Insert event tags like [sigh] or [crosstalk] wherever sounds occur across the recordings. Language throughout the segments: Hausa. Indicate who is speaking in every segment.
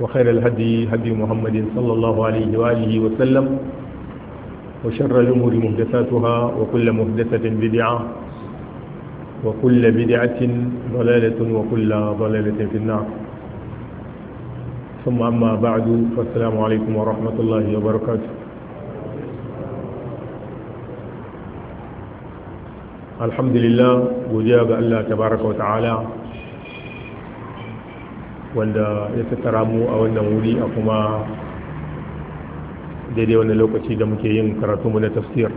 Speaker 1: وخير الهدي هدي محمد صلى الله عليه وآله وسلم وشر الأمور محدثاتها وكل محدثة بدعة وكل بدعة ضلالة وكل ضلالة في النار ثم أما بعد فالسلام عليكم ورحمة الله وبركاته الحمد لله وجاب الله تبارك وتعالى wanda ya tattara mu a wannan wuri a kuma daidai wani lokaci da muke yin karatu mu na tafsir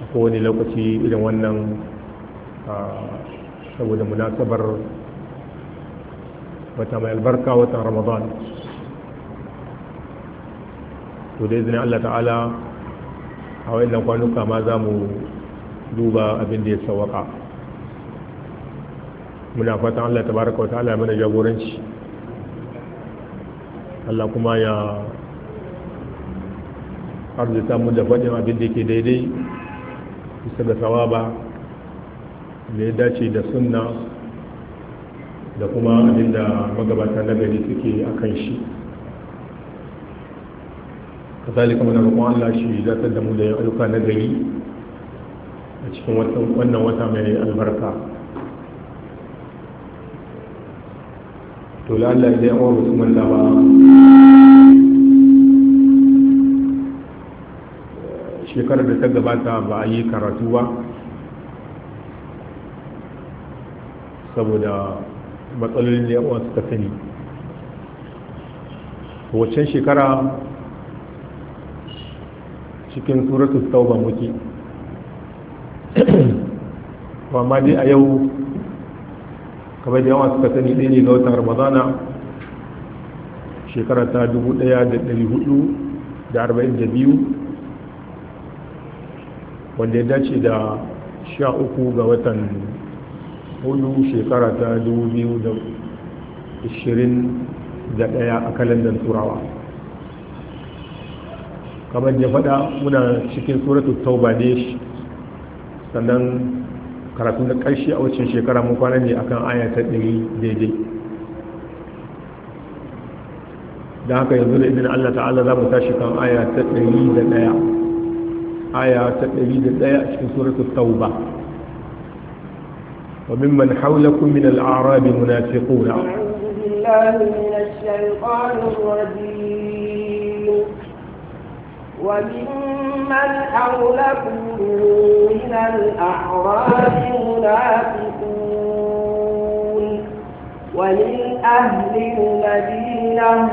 Speaker 1: a kowane lokaci idan wannan saboda munasabar wata mai albarka watan ramadan to da izinin allah ta'ala a wa'in kwanuka ma za mu duba abin da ya sawaka muna fatan Allah ta wata wa ya mana jagoranci Allah kuma ya arzita mu da faɗin abin da ke daidai bisa tsawa ba da ya dace da sunna da kuma abin da magabata na gari suke a kan shi kazalika muna rukun Allah shi zartar da mu da aluka na gari a cikin wannan wata mai albarka to lallai dai awar usman da ba shekarar da ta gabata ba a yi karatu ba saboda matsalolin da yawan suka sani waccan shekara cikin suratu tauba muke amma dai a yau kamar da yawa suka sani ɗaya ne ga watan ramadana shekara ta 1442 wanda ya dace da sha uku ga watan hudu shekara ta ɗaya a kalandar turawa kamar da faɗa muna cikin suratul tauba ne sannan karatu na ƙarshe a wacin shekara mun kwana ne akan aya ta ɗari daidai da haka yanzu da izinin allah ta'ala za mu tashi kan aya ta ɗari da ɗaya aya ta ɗari da ɗaya a cikin suratul tauba وممن حولكم من الأعراب منافقون أعوذ
Speaker 2: بالله من الشيطان الرجيم حولكم من الأعراب منافقون ومن أهل المدينة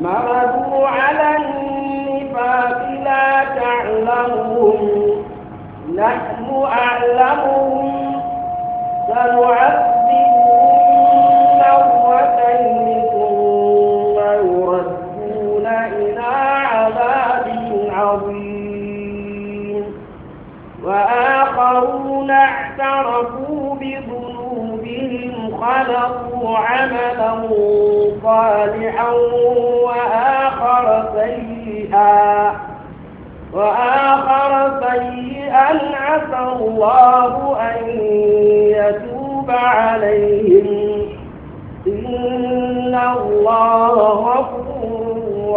Speaker 2: مردوا على النفاق لا تعلمهم نحن أعلمهم سنعذبهم الذين اعترفوا بذنوبهم خلقوا عملا صالحا وآخر سيئا وآخر سيئا عسى الله أن يتوب عليهم إن الله غفور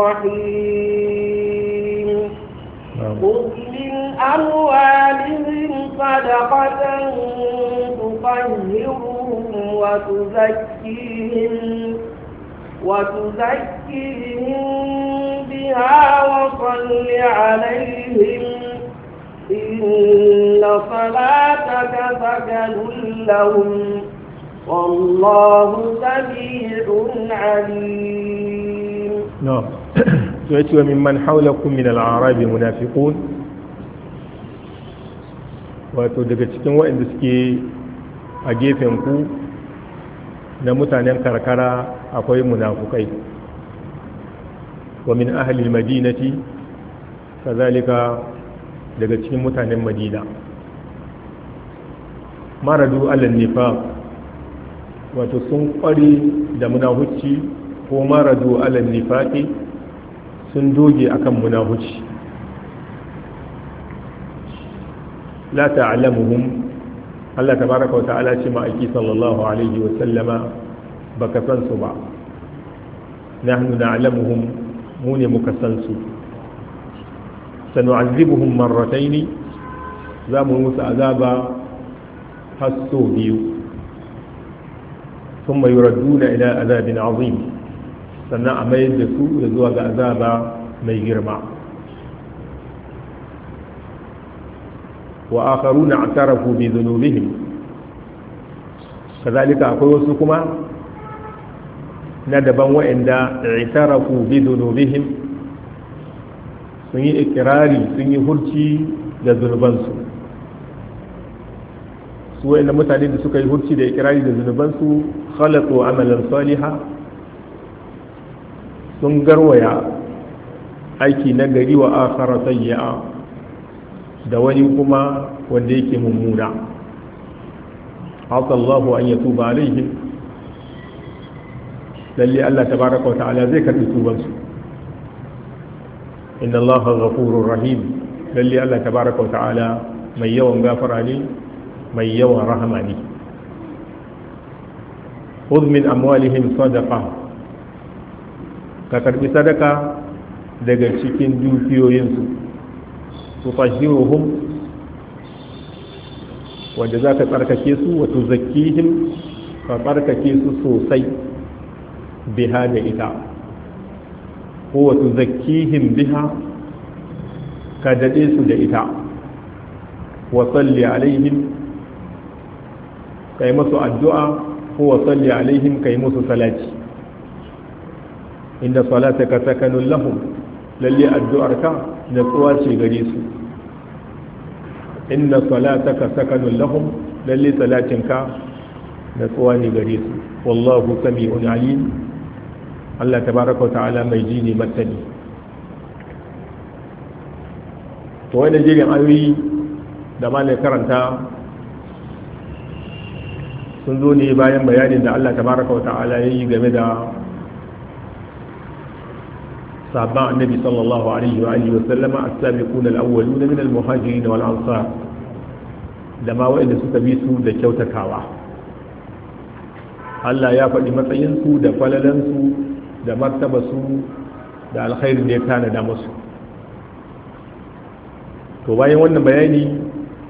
Speaker 2: رحيم خذ نعم. من أموالهم صدقة تطهرهم وتزكيهم وتزكيهم بها وصل عليهم إن صلاتك سكن لهم والله سميع عليم
Speaker 1: نعم [coughs] سمعت ممن حولكم من الأعراب منافقون wato daga cikin waɗanda suke a gefen ku na mutanen karkara akwai munafukai wa min ahalil madinati kazalika daga cikin mutanen madina maradu alal nifaq wato sun kware da munafuci ko maradu alal nifaqi sun doge akan munafuci. la ta'lamuhum Allah tabaraka wa ta'ala ce ma'aiki sallallahu alaihi wa sallama baka san su ba nahnu na'lamuhum mu ne muka san su sanu'azibuhum marrataini za mu musu azaba har sau biyu ثم يردون إلى azabin عظيم sannan a mayar da su da zuwa ga azaba mai girma wa akharuna atarafu bi dhunubihim kazalika akwai wasu kuma na daban wa'anda i'tarafu bi dhunubihim sun yi ikirari sun yi hurci da zunubansu su wa'anda mutane da suka yi hurci da ikirari da zunubansu khalatu amalan saliha sun garwaya aiki na gari wa akhara da wani kuma wanda yake mummuna asallahu an tuba alaihim lalle Allah Ta baraka wa ta'ala zai karbi tubansu inna Allah ghafurur rahim lalle Allah Ta baraka wa ta'ala mai yawan gafara ne mai yawan rahama ne khudh min amwalihim sadaqa ka karbi sadaka daga cikin dukiyoyinsu tutahhiruhum wanda za ka tsarkake su wa tuzakkihim ka tsarkake su sosai biha da ita ko wa tuzakkihim biha ka daɗe su da ita wa salli alaihim yi musu addu'a ko wa salli alaihim yi musu salati inda ka sakanun lahum lalle addu'arka da tsuwa ce gare su inna salataka sakanun lahun lalle salatinka da tsuwa ne gare su wallahu sami'un unayi Allah tabaraka ta'ala mai ji ne masani to wani jirin ayoyi da karanta sun zo ne bayan bayanin da Allah tabaraka ta'ala ya yi game da صحابة النبي صلى الله عليه وآله وسلم السابقون الأولون من المهاجرين والأنصار لما وإن ستبيسوا لكوتا كاوا Allah ya faɗi matsayinsu دفل لنسوا دمرتبسوا martabasu الخير اللي كان دمسوا tanada to bayan wannan bayani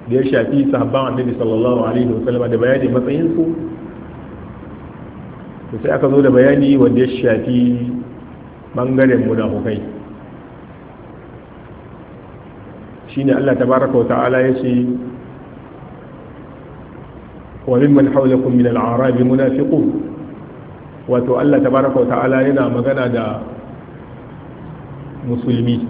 Speaker 1: da ya shafi sahabban annabi sallallahu alaihi wasallam da bayani matsayinsu to sai aka zo da bayani wanda ya shafi bangaren munafukai shine Allah tabaraka wa ta'ala yace wa mimman hawlakum min al-a'rab munafiqun wato Allah tabaraka wa ta'ala yana magana da musulmi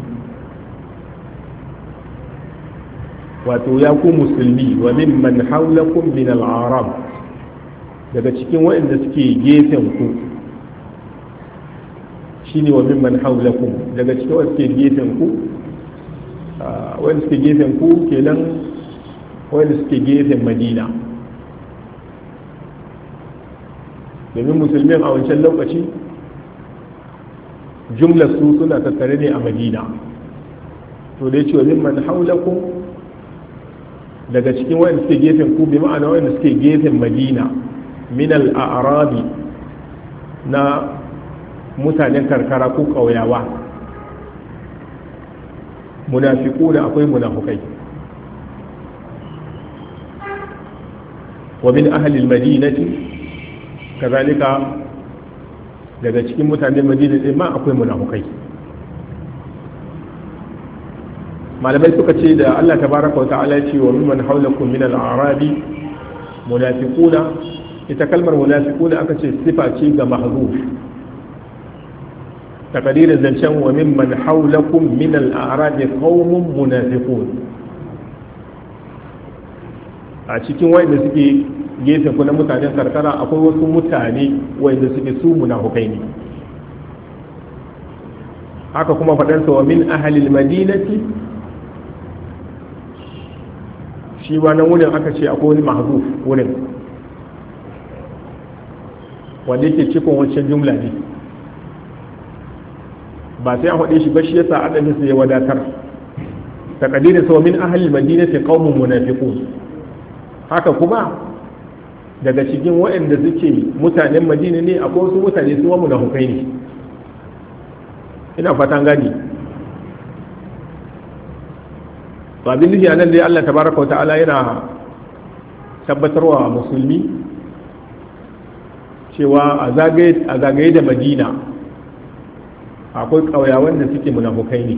Speaker 1: wato ya ku musulmi wa mimman hawlakum min al-a'rab daga cikin waɗanda suke gefen ku shine wa mimman haulakum daga cikin wasu ke gefen ku wanda suke gefen ku kenan wanda suke gefen madina domin musulmi a wancan lokaci jumlar su suna tattare ne a madina to dai ce wa mimman haulakum daga cikin wayan suke gefen ku bi ma'ana wayan suke gefen madina min al-arabi na mutanen karkara ko ƙauyawa munafiku da akwai munafukai wa min ahalil madinati kazalika daga cikin mutanen madina ɗin ma akwai munafukai malamai suka ce da Allah tabaraka wa ta'ala ce wa mimman haulakum min al-arabi munafiquna ita kalmar munafiquna aka ce sifa ce ga mahzuf takadirin zancen wa mimman haulakum min al'arabi qaumun munafiqun a cikin wayanda suke gefe ku na mutanen karkara akwai wasu mutane wayanda suke su munafukai ne haka kuma faɗarsa wa min ahalil madinati shi ba wannan wurin aka ce akwai wani mahzuf wurin wanda yake cikin wancan jumla ne ba sai an haɗe shi ba shi yasa adadin sa ya wadatar taqdirin sa min ahli madinati qaumun munafiqun haka kuma daga cikin waɗanda suke mutanen madina ne akwai su mutane su wamu na hukai ne ina fatan gani babin nufi a nan dai allah tabaraka wa ta'ala yana tabbatarwa musulmi cewa a zagaye da madina akwai ƙauyawan da suke munafukai ne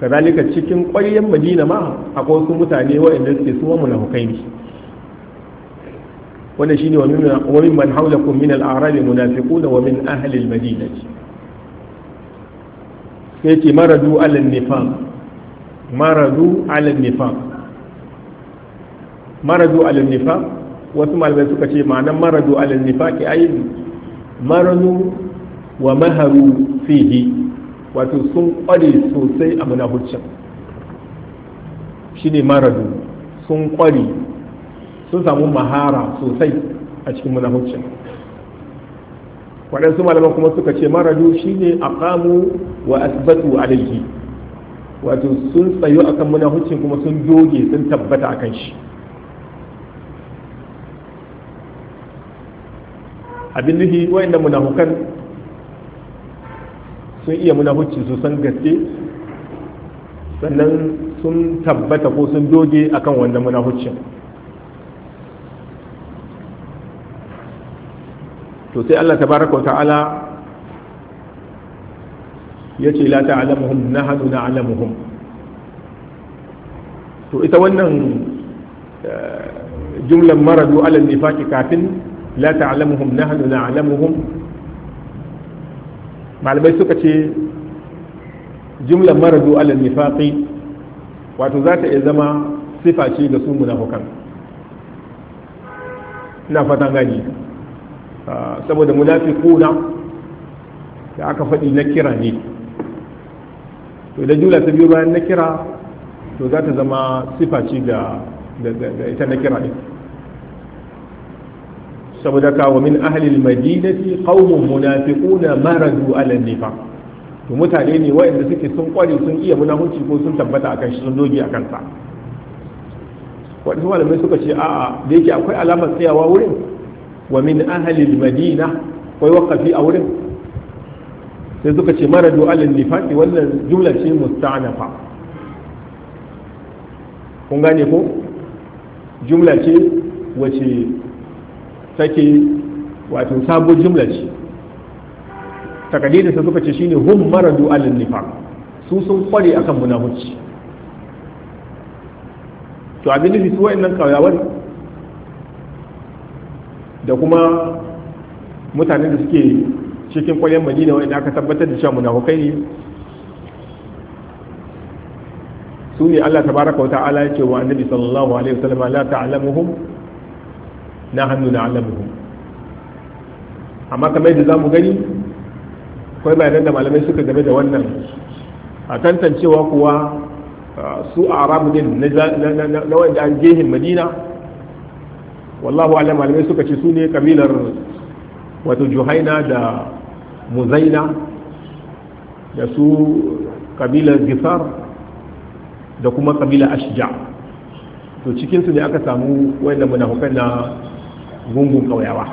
Speaker 1: kazalika cikin ƙwaryen madina ma akwai wasu mutane waɗanda suke suma munafukai ne wanda shine wa min man hawlakum min al-a'rab munafiquna wa min ahli al-madinati sai ce maradu ala nifaq maradu ala nifaq maradu ala nifaq wasu malamai suka ce ma'anar maradu ala nifaq ai maradu wa maharu fihi wato sun kware sosai a munafurcin ne maradu sun kware sun samu mahara sosai a cikin munafurcin waɗansu malaman kuma suka ce maradu shine aqamu wa asbatu alayhi wato sun tsayo akan munafurcin kuma sun doge sun tabbata akan shi abin nufi da munafukan sun iya munafuci su san gaske sannan sun tabbata ko sun doge akan wanda munafucin to sai Allah tabaraka ta'ala ya ce la ta'lamuhum nahnu na'lamuhum to ita wannan eh, jumlan maradu alal nifaqi kafin la ta'lamuhum nahnu na'lamuhum malamai suka ce jumlar maradu alal nifaqi wato za ta iya zama sifa ce ga su munafukan ina fatan gani ah, saboda munafiquna da aka faɗi na kira ne to da jumla ta biyo bayan na kira to za ta zama sifa ce ga ita na kira ne saboda ka wa min ahlil madinati qaumun munafiquna maradu ala nifaq to mutane ne waɗanda suke sun kware sun iya munafunci ko sun tabbata akan shi sun doge akan sa waɗansu malamai suka ce a'a da yake akwai alamar tsayawa wurin wa min ahlil madina kai waqafi a wurin sai suka ce maradu ala nifaq wannan jumla ce musta'nafa kun gane ko jumla ce wace take wato sabo jumla ce takadida sa suka ce shine hum maradu alin nifaq su sun kware akan munafici to abin nufi su wa'annan kawayawar da kuma mutanen da suke cikin kwaryar madina wa'anda aka tabbatar da cewa munafukai ne su ne Allah tabaraka wa ta'ala ya ce wa annabi sallallahu alaihi wasallam la ta'lamuhum na hannu na alamuhu amma kamar yadda za mu gani akwai bayanan da malamai suka game da wannan a tantancewa kuwa ah, su a arabu din na wanda an jehin madina wallahu alam malamai suka ce su ne kabilar wato juhaina da muzaina da su kabilar gisar da kuma kabilar ashija to cikinsu ne aka samu wanda munafukan na gungun kauyawa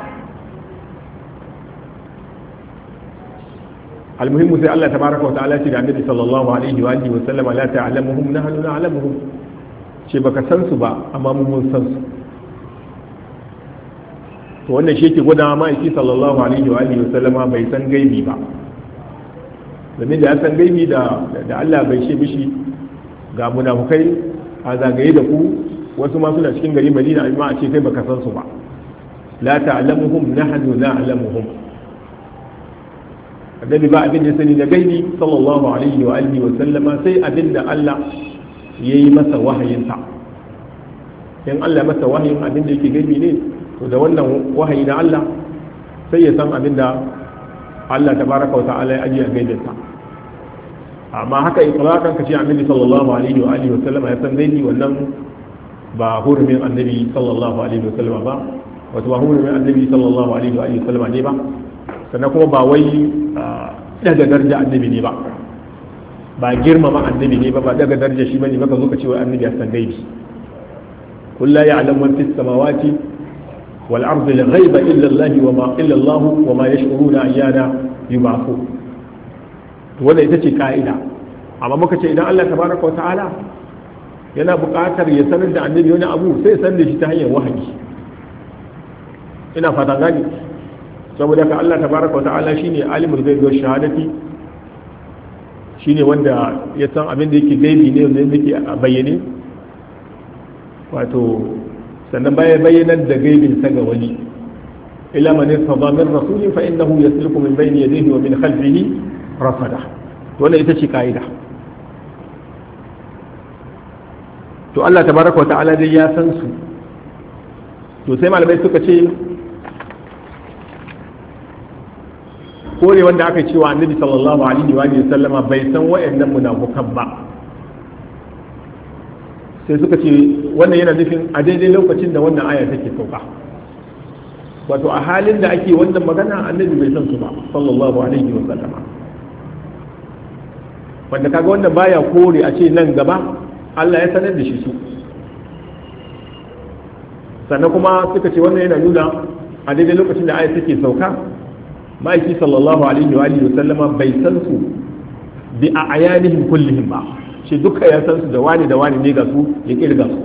Speaker 1: almuhimmu sai Allah tabaraka wa ta'ala ce da annabi sallallahu alaihi wa alihi wa sallam la ta'lamuhum nahnu na'lamuhum ce baka san su ba amma mun mun san su to wannan shi yake gwada ma yake sallallahu alaihi wa alihi wa sallama bai san gaibi ba domin da ya san gaibi da da Allah bai ce mishi ga munafukai a zagaye da ku wasu ma suna cikin gari Madina amma a ce kai baka san su ba la ta'lamuhum nahnu na'lamuhum annabi ba abin da sani da gaibi sallallahu alaihi wa alihi wa sallama sai abin da Allah yayi masa wahayin sa in Allah masa wahayin abin da yake gaibi ne to da wannan wahayi na Allah sai ya san abin da Allah tabaraka wa ta'ala ya ajiye a gaibin sa amma haka itlaqan kace annabi sallallahu alaihi wa alihi wa sallama ya san gaibi wannan ba hurumin annabi sallallahu alaihi wa sallama ba wato ba hukumin annabi sallallahu alaihi wa sallama ne ba sannan kuma ba wai daga darja annabi ne ba ba girmama annabi ne ba ba daga darja shi bane baka zo ka ce wa annabi ya san gaibi kullu ya'lamu man fis samawati wal ardi al ghaiba illa Allah wa ma illa Allah wa ma yash'uruna ayyana yub'athu wannan ita ce ka'ida amma muka ce idan Allah tabaraka wa ta'ala yana buƙatar ya sanar da annabi wani abu sai ya sanar da shi ta hanyar wahayi ina fata gani saboda ka Allah tabaraka wa ta'ala shine alimul ghaibi wa shahadati shine wanda ya san abin da yake gaibi ne wanda yake a bayyane wato sannan baya bayyanar da gaibin sa ga wani ila man yasfa min rasuli fa innahu yasluku min bayni yadihi wa min khalfihi rafada wannan ita ce kaida to Allah tabaraka wa ta'ala dai ya san su to sai malamai suka ce ko ne wanda aka cewa annabi sallallahu alaihi wa sallama bai san wa'annan munafukan ba sai suka ce wannan yana nufin a daidai lokacin da wannan aya take sauka wato a halin da ake wannan magana annabi bai san su ba sallallahu alaihi wa sallama wanda kaga wannan baya kore a ce nan gaba Allah ya sanar da shi su sannan kuma suka ce wannan yana nuna a daidai lokacin da aya take sauka ma'aiki sallallahu alaihi wa alihi sallama bai san su bi a ayanihim kullihim ba shi duka ya san su da wani da wani ne ga su ya kirga su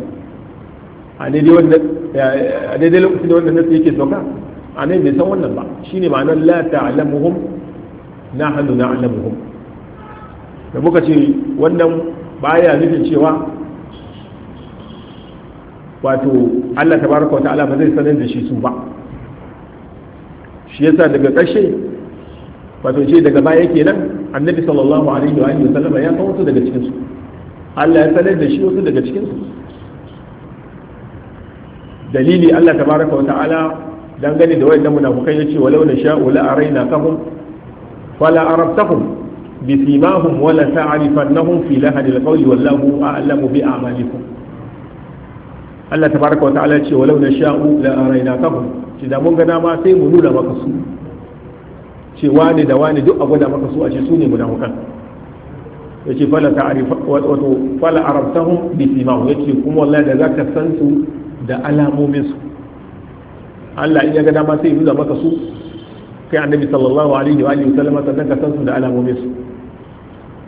Speaker 1: a daidai lokacin da wannan nasu yake sauka a nan bai san wannan ba shi ne ma'anar la hannu na alamuhum da muka ce wannan baya nufin cewa wato Allah tabaraka wa ta'ala ba zai sanar da shi su ba shi yasa daga ƙarshe wato ce daga baya kenan annabi sallallahu alaihi wa alihi ya san wasu daga cikin su Allah ya sanar da shi wasu daga cikin su dalili Allah tabaraka wa ta'ala gani da wayannan munafukai yace walau na sha'u la araina kahum fala arabtahum bisimahum wala ta'rifannahum fi lahadil qawli wallahu a'lamu bi a'malikum Allah tabaraka wa ta'ala ce walau na sha'u la araina kahum ce da mun ga dama sai mu nuna maka su ce wani da wani duk a gwada maka su a ce su ne munafukan yace fala ta'rifa wato fala arabtahu bi simahum yace kuma wallahi da zaka san su da alamomin su Allah in ya ga dama sai nuna maka su kai annabi sallallahu alaihi wa alihi wasallam ta daga san su da alamomin su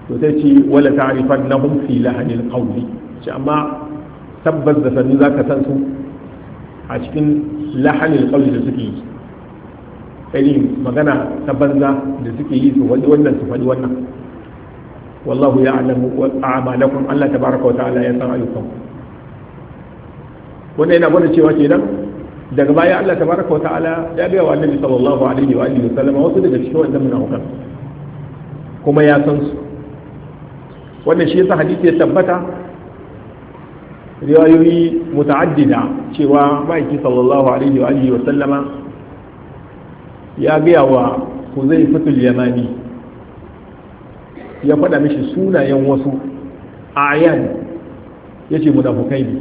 Speaker 1: to sai ce wala ta'rifannahum fi lahanil qawli ce amma tabbas da sannu za ka san su a cikin lahanin kauli da suke yi irin magana ta banza da suke yi su wani wannan su faɗi wannan wallahu ya alamu a'malakum Allah tabaraka wa ta'ala ya san ayyukan wannan yana gwada cewa kenan daga baya Allah ta baraka wa ta'ala ya biya wa annabi sallallahu alaihi wa alihi wasallam wasu daga cikin wannan munafikan kuma ya san su wannan shi yasa hadisi ya tabbata riwayoyi muta'addida cewa ma'aiki sallallahu alaihi wa alihi wa sallama ya gaya wa zai fatul yamani ya faɗa mishi sunayen wasu ayan ya ce munafukai ne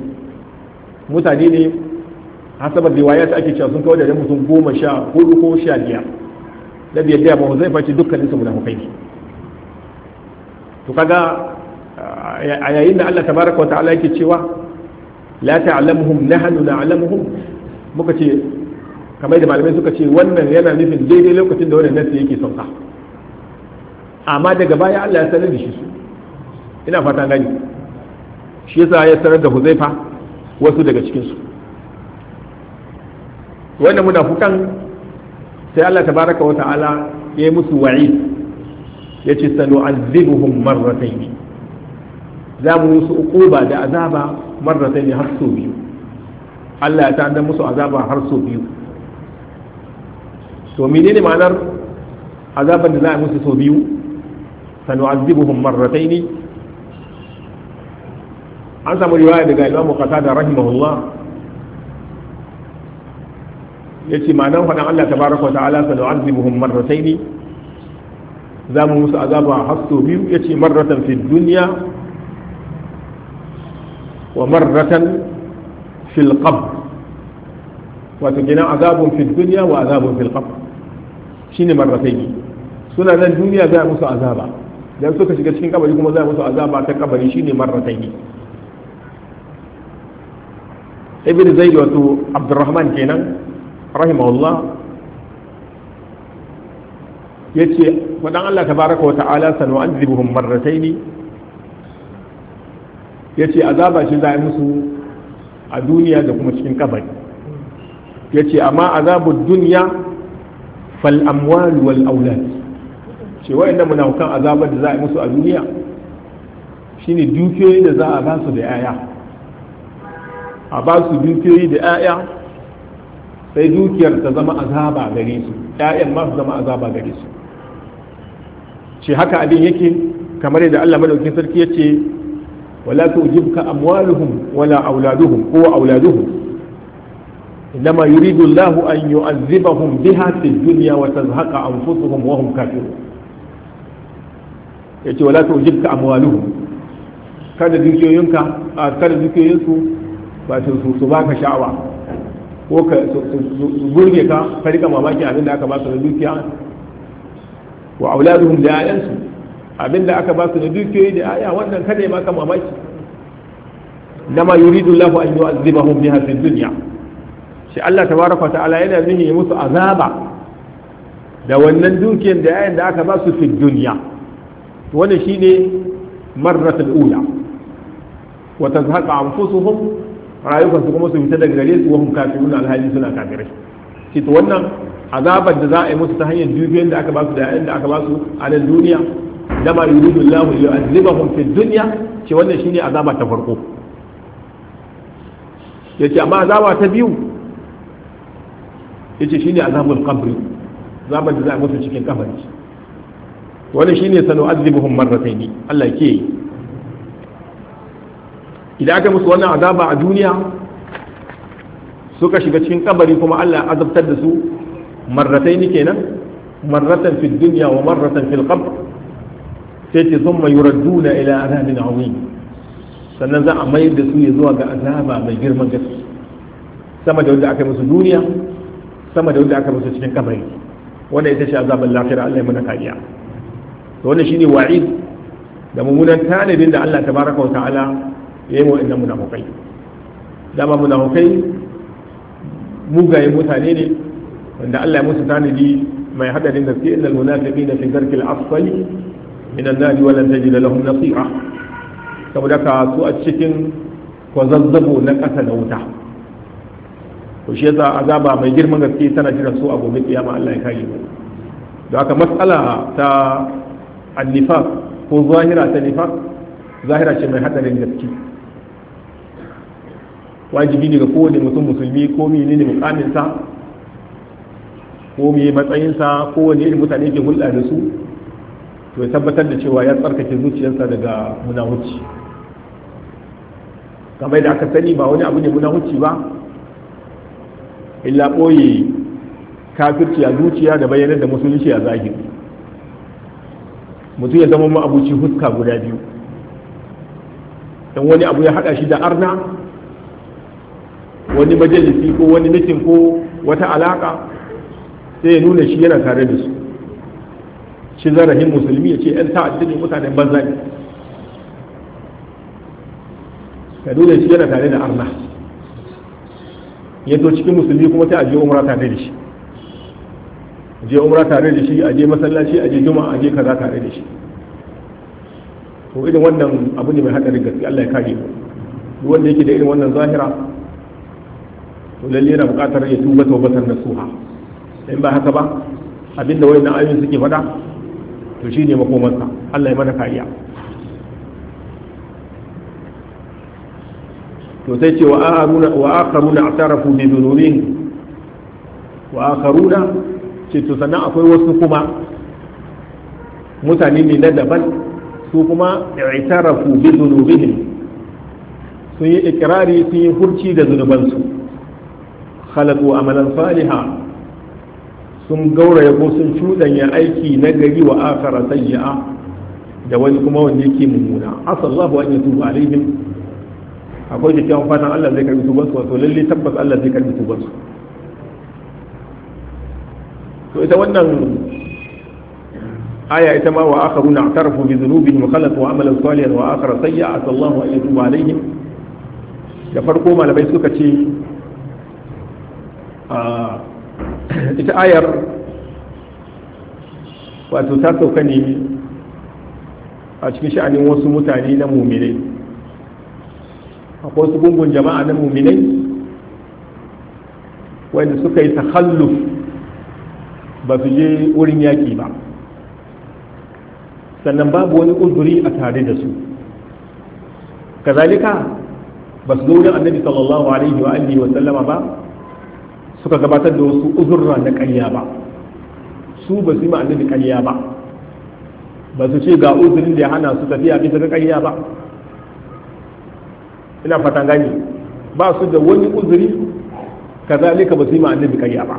Speaker 1: mutane ne hasabar riwaya ta ake cewa sun kawo da mutum goma sha hudu ko sha biyar da biyar da ba zai faci dukkaninsu munafukai ne to kaga a yayin da Allah tabaraka wa ta'ala yake cewa la ta'lamuhum nahnu na'lamuhum muka ce kamar da malamai suka ce wannan yana nufin daidai lokacin da wannan nasi yake sauka amma daga baya Allah ya sanar da shi su ina fata gani shi yasa ya sanar da Huzaifa wasu daga cikin su wannan munafukan sai Allah tabaraka wa ta'ala ya yi musu wa'i ya ce sanu'azzibuhum marratayn za mu musu uquba da azaba marrata ne har sau biyu Allah ya ta'adda musu azaba har sau biyu to menene ma'anar azaban da za a musu sau biyu sanu'azibuhum marrataini an samu riwaya daga Imam Qatada rahimahullah ya ce ma'anar faɗin Allah ta baraka wa ta'ala sa da azimuhum marratai ne za mu musu azaba har sau biyu ya ce marratan fi duniya wa marratan fil wato gina azabun fil wa azabun fil shine marratayn suna nan duniya za musu azaba dan suka shiga cikin kabari kuma za musu azaba ta kabari shine marratayn ibn zaid wato abdurrahman kenan rahimahullah yace wadan Allah tabaraka wa ya ce azaba shi za a musu a duniya da kuma cikin kabari ya ce amma azabun duniya fal amwal ce wa'anda munafukan azabar da za a musu a duniya shi ne dukiyoyi da za a ba su da yaya a ba su dukiyoyi da yaya sai dukiyar ta zama azaba gare su yayan ma su zama azaba gare su ce haka abin yake kamar yadda Allah madaukin sarki ya ce ولا تعجبك أموالهم ولا أولادهم هو أولادهم إنما يريد الله أن يعذبهم بها في الدنيا وتزهق أنفسهم وهم كافرون yace wala ta wajibka kada dukiyoyinka a kada dukiyoyinsu ba su su baka sha'awa ko ka su burge ka ka rika mamaki abin da aka ba su da dukiya wa auladuhum da 'ya'yansu abinda aka ba su da dukiyoyi da aya wannan kada ya baka mamaki nama yuridu Allah an yu'azzibahum biha fid duniya. shi Allah ta tabaraka ta'ala yana nihi musu azaba da wannan dukiyar da ayan da aka ba su fid dunya wannan shine marratul ula wa tazhaqa anfusuhum rayukan su kuma su fita daga gare su wahum kafirun alhali suna kafirai shi to wannan azabar da za a yi musu ta hanyar dukiyar da aka ba su da ayan da aka ba su a nan duniya da ma yuridu Allah ya azibahum fi wannan shine azaba ta farko yace amma azaba ta biyu yace shine azabul qabri zaman da za a cikin kabari wannan shine sanu azibuhum marratayn Allah ke aka musu wannan azaba a duniya suka shiga cikin kabari kuma Allah azabtar da su marratayn kenan marratan fi dunya wa marratan fil qabr sai ce sun mai yuraduna ila azabin azim sannan za a mayar da su ya zuwa ga azaba mai girman gaske sama da wanda aka musu duniya sama da wanda aka musu cikin kabari wanda ita ce azabar lafiyar Allah ya mana kariya to wannan shine wa'id da mummunan tanadin da Allah tabaraka wa ta'ala ya yi wa innan munafukai dama munafukai mugaye mutane ne wanda Allah ya musu tanadi mai hadarin gaske innal munafiqina fi dharkil asfali minan nari walan tajid lahum nasira saboda ka su a cikin kwazazzabo na ƙasa da wuta to shi yasa azaba mai girman gaske tana jira su a gobe kiyama Allah ya kage mu da haka matsala ta annifaq ko zahira ta nifaq zahira ce mai hadarin gaske wajibi ne ga kowane mutum musulmi ko menene mukamin mukaminsa ko me matsayinsa ko wani irin mutane ke hulɗa da su to ya tabbatar da cewa ya tsarkake zuciyarsa daga munahuci kamar da aka sani ba wani abu ne munahuci ba illa ɓoye kafirci a zuciya da bayyanar da musulunci a zahiri mutum ya zama ma'abuci huska guda biyu don wani abu ya haɗa shi da arna wani majalisi ko wani mitin ko wata alaƙa sai ya nuna shi yana tare da su shi zarafin musulmi ya ce yan ta'addi ne mutanen banza ne ka dole shi yana tare da arna yadda cikin musulmi kuma sai a je umra tare da shi Aje umra tare da shi aje masallaci aje juma, aje kaza tare da shi to irin wannan abu ne mai hadarin gaske Allah ya kage mu duk wanda yake da irin wannan zahira to lalle yana buƙatar ya tuba tawbatar nasuha in ba haka ba abinda wayannan ayoyin suke faɗa to shi shine makomarsa Allah ya mana kariya to sai ce wa akharuna wa a atarafu bi dhunubihim wa akharuna ce to sannan akwai wasu kuma mutane ne na daban su kuma i'tarafu bi dhunubihim sun yi ikirari sun yi hurci da zunubansu khalaqu amalan salihan sun gauraya ko sun cuɗanya aiki na gari wa akara sayya'a da wani kuma wanda yake mummuna asallahu an yatubu alaihim akwai kyakkyawan fatan Allah zai karbi tubansu wato lalle tabbas Allah zai karbi tubansu to ita wannan aya ita ma wa akharuna i'tarafu bi dhunubihim khalatu amalan salihan wa akhara sayya'a asallahu an yatubu alaihim da farko malamai suka ce a ita ayar wato ta sauka ne a cikin sha'anin wasu mutane na muminai akwai su gungun jama'a na muminai wanda suka yi takhalluf ba su je wurin yaƙi ba sannan babu wani uzuri a tare da su kazalika ba su zo wurin annabi sallallahu alaihi wa wa sallama ba suka gabatar da wasu uzurra na ƙarya ba su ba su yi da ƙarya ba ba su ce ga uzurin da ya hana su tafiya bisa ga ƙarya ba ina fatan gani ba su da wani uzuri kazalika ba su yi da ƙarya ba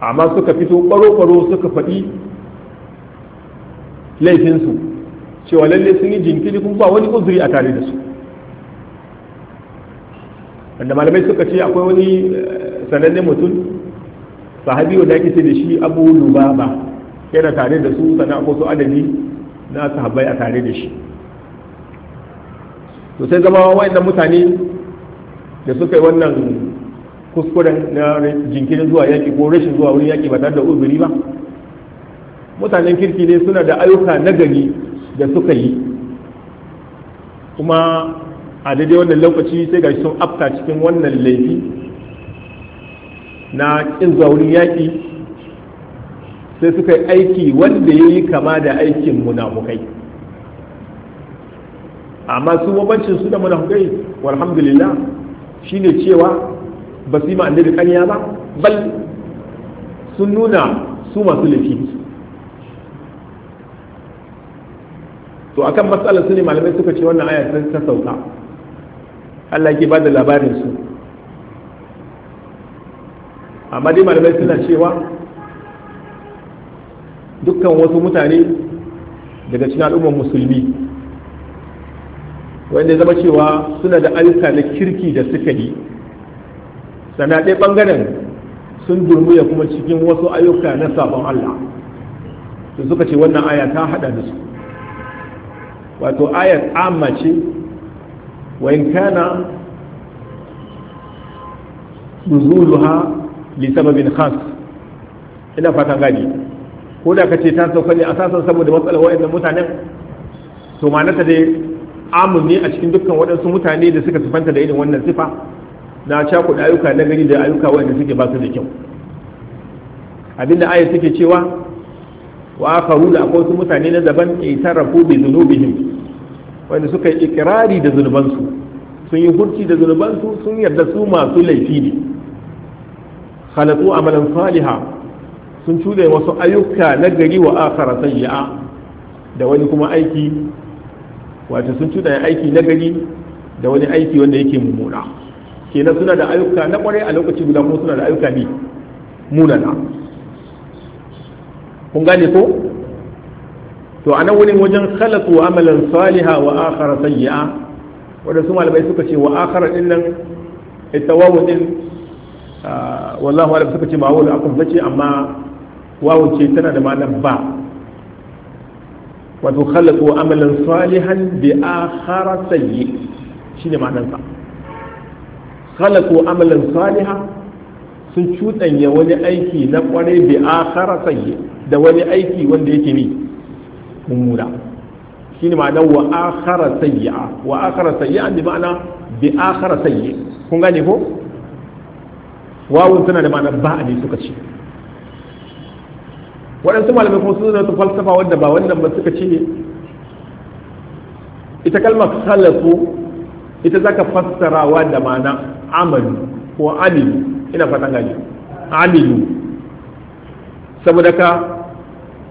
Speaker 1: amma suka fito ƙwaro-ƙwaro suka faɗi laifinsu cewa lalle sun yi jinkiri kuma ba wani uzuri a tare da su wanda malamai suka ce akwai wani eh, sanannen mutum sahabi wanda ake ce da shi abu lubaba yana tare da su sana ko su adadi na sahabai a tare da shi to sai zama wa'annan mutane da suka yi wannan kuskuren na jinkirin zuwa yaƙi ko rashin zuwa wurin yaki ba tare da uzuri ba mutanen kirki ne suna da ayyuka nagari da suka yi kuma a daidai wannan lokaci sai ga sun afka cikin wannan laifi na ƙin zuwa wurin yaƙi sai suka yi aiki wanda ya yi kama da aikin munafukai amma su mabancin su da munafukai walhamdulillah ne cewa ba su yi ma'anar da kanya ba bal sun nuna su masu laifi to akan matsalar su ne malamai suka ce wannan aya ta sauka Allah ke da labarin su amma dai malamai suna cewa dukkan wasu mutane daga cikin al'ummar musulmi wanda zama cewa suna da ayyuka na kirki da suka yi sana ɗaya ɓangaren sun durmuya kuma cikin wasu ayyuka na sabon Allah su suka ce wannan aya ta haɗa da su wato ayat amma ce وإن كان نزولها لسبب خاص ina fatan gani ko da kace ta sauka ne asasan saboda matsalar wayannan mutanen to ma'anarta dai amun ne a cikin dukkan waɗansu mutane da suka sifanta da irin wannan sifa na cakuɗa ayyuka na gari da ayyuka wanda suke ba da kyau abinda aya suke cewa wa akharu da akwai wasu mutane na daban itarrafu bi dhunubihim wanda suka yi ikirari da zunubansu sun yi hurci da zunubansu sun yarda su masu laifi ne khalatu amalan saliha sun cuɗe wasu ayyuka na gari wa akhara sayyi'a da wani kuma aiki wato sun cuɗe aiki na gari da wani aiki wanda yake mummuna kenan suna da ayyuka na kwarai a lokaci guda kuma suna da ayyuka ne munana kun gane ko to a nan wani wajen wa amalan saliha wa akhara sayyi'a wanda su malamai suka ce wa akhara din nan ita wawu din wallahu alam suka ce ba wawu akum tace amma wawu ce tana da ma'anar ba wato wa amalan salihan bi akhara sayyi shine ma'anar sa wa amalan saliha sun cutanya wani aiki na kwarai bi akhara sayyi da wani aiki wanda yake ni mummuna ne ma'anar wa akhara sayyi'a wa akhara sayyi'a bi ma'ana bi akhara sayyi kun gane ko wawun tana da ma'anar ba a ne suka ce waɗansu malamai kuma suna su falsafa wadda ba wannan ba suka ce ita kalmar salafu ita zaka fassarawa da ma'ana amalu ko amilu ina fatan gani amilu saboda ka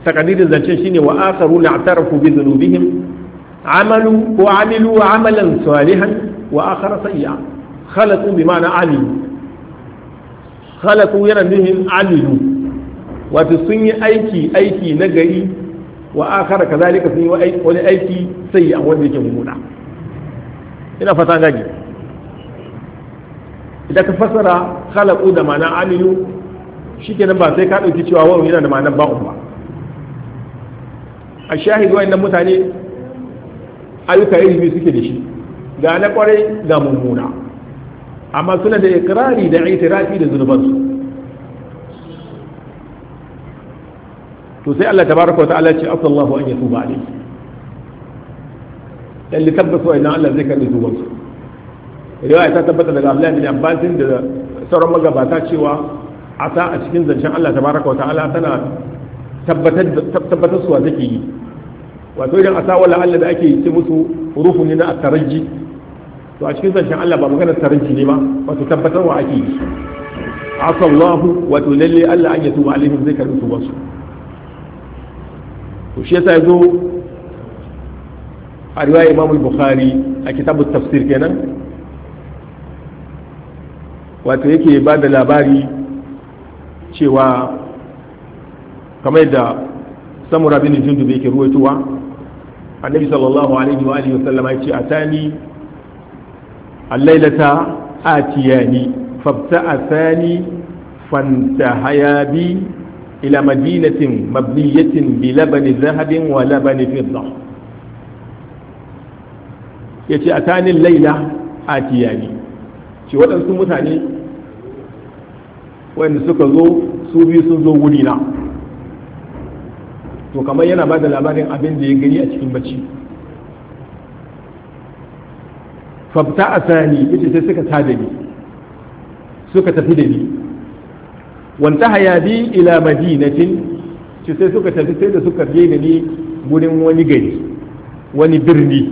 Speaker 1: takadirin zancen shine wa akaru na atarafu bi zunubihim amalu ko amilu amalan salihan wa akhara sayya khalaqu bi ma'ana alimu khalaqu yana nufin alimu wato sun yi aiki aiki na gari wa akhara kazalika sun yi wani aiki sayya wanda yake mummuna ina fata gaji, idan ka fasara khalaqu da ma'ana amilu shikenan ba sai ka dauki cewa wawan yana da ma'anar ba'un ba a shahid wa'annan mutane ayyuka iri biyu suke da shi ga na kwarai ga mummuna amma suna da ikirari da itirafi da zunubansu to sai Allah tabaraka wa ta'ala ce afallahu an yatuba alayhi dan li tabbasu inna Allah zai kalli tuban su riwaya ta tabbata daga Abdullah bin Abbas da sauran magabata cewa asa a cikin zancen Allah tabaraka wa ta'ala tana tabbatar suwa zake yi wato idan a sa wala Allah da ake ce musu rufu ne na taraji to a cikin sashen Allah ba magana taraji ne ba wato tabbatarwa ake yi asallahu wato lalle Allah an yatuba alaihim zai karbi tuban su to shi yasa yazo a riwaya Imam Bukhari a kitabut tafsir kenan wato yake ba da labari cewa kamar da samura bin jundub yake ruwaitowa annabi sallallahu alaihi wa alihi wasallama ya ce atani allailata atiyani fabta'athani fantahaya bi ila madinatin mabniyatin bi labani zahabin wa labani fidda yace tani laila atiyani ce waɗansu mutane wanda suka zo su biyu sun zo wurina to kamar yana ba da labarin abin da ya gani a cikin bacci fabta a sani ita sai suka da ni suka tafi da ni wanta bi ila madinatin ce sai suka tafi sai da suka je da ni gurin wani gari wani birni